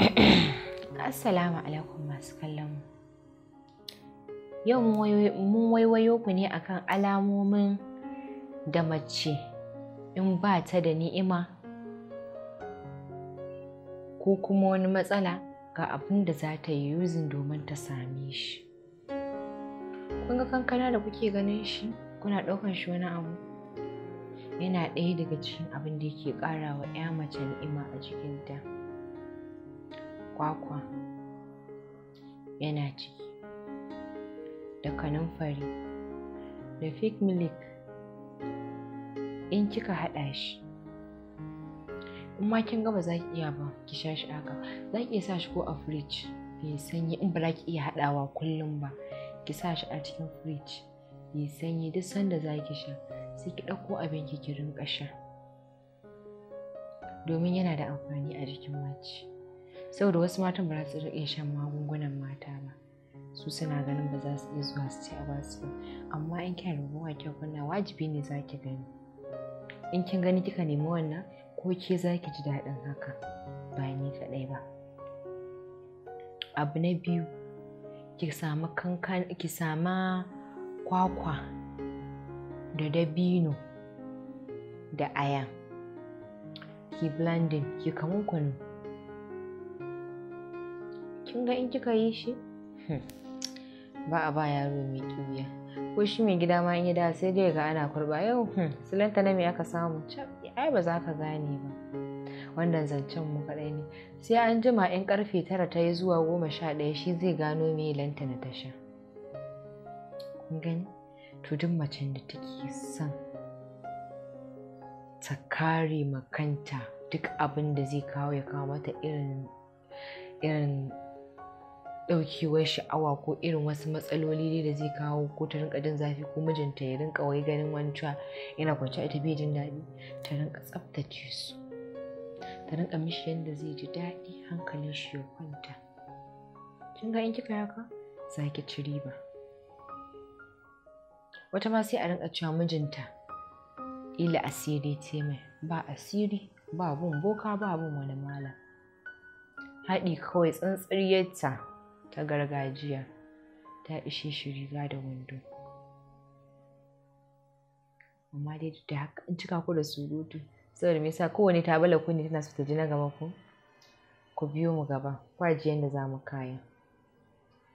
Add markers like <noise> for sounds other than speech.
<clears throat> Assalamu alaikum masu kallon mu. Yau mun waiwayo ku ne akan alamomin da mace in ba ta da ni'ima ko kuma wani matsala ga abin da za ta yi yuzin domin ta same shi. Kun ga kankana da kuke ganin shi kuna ɗaukan shi wani abu? Yana ɗaya daga cikin abin da yake ƙara wa 'ya mace ni'ima a jikinta. kwakwa yana ciki da kanumfari da fig milik in kika haɗa shi in ma kin ga za ki iya ba ki sha shi haka za ki iya sa shi ko a firij, ya sanyi in ba za ki iya haɗawa kullum ba ki sa shi a cikin firij ya sanyi duk sanda za ki sha sai ki ɗauko abin ki rinƙa sha domin yana da amfani a jikin mace saboda wasu matan ba za su iya shan magungunan mata ba su suna ganin ba za su iya zuwa su ci a ba su amma in kyan wa kyau kunna wajibi ne za ki gani in kin gani kika nemi wannan ko ke za ki ji daɗin haka ba ni kaɗai ba abu na biyu ki sama kankan ki sama kwakwa da dabino da aya ki blending ki kamun kunu kin ga in kika yi shi hmm. ba a ba yaro mai kiwiya ko shi mai gida ma in ya da sai dai ga ana kurba yau hmm. silanta na me aka samu ai ba za ka gane ba wannan zancen mu kadai ne sai an jima in karfe tara ta yi zuwa goma sha ɗaya shi zai gano me lanta na tasha kun gani to duk macen da take son ta kare makanta duk abin da zai kawo ya kawo mata irin irin ɗaukewar sha'awa ko irin wasu matsaloli da zai kawo ko ta rinka jin zafi ko mijinta ya rinka wai ganin wani cewa yana kwanci ita bai jin daɗi ta rinka tsaftace su ta rinka mishi yadda zai ji daɗi hankalin shi ya kwanta kin ga in kika haka za ki ci riba wata ma sai a rinka cewa mijinta ila asiri ce mai ba asiri ba bun boka ba bun wani malam haɗi kawai tsantsar yadda ta gargajiya ta ishe shi riga da wando amma dai duk da haka in cika ku da surutu saboda me yasa kowane ta bala kunne tana so ta ji na gaba ku ku biyo mu gaba kwa jiyan da za mu kaya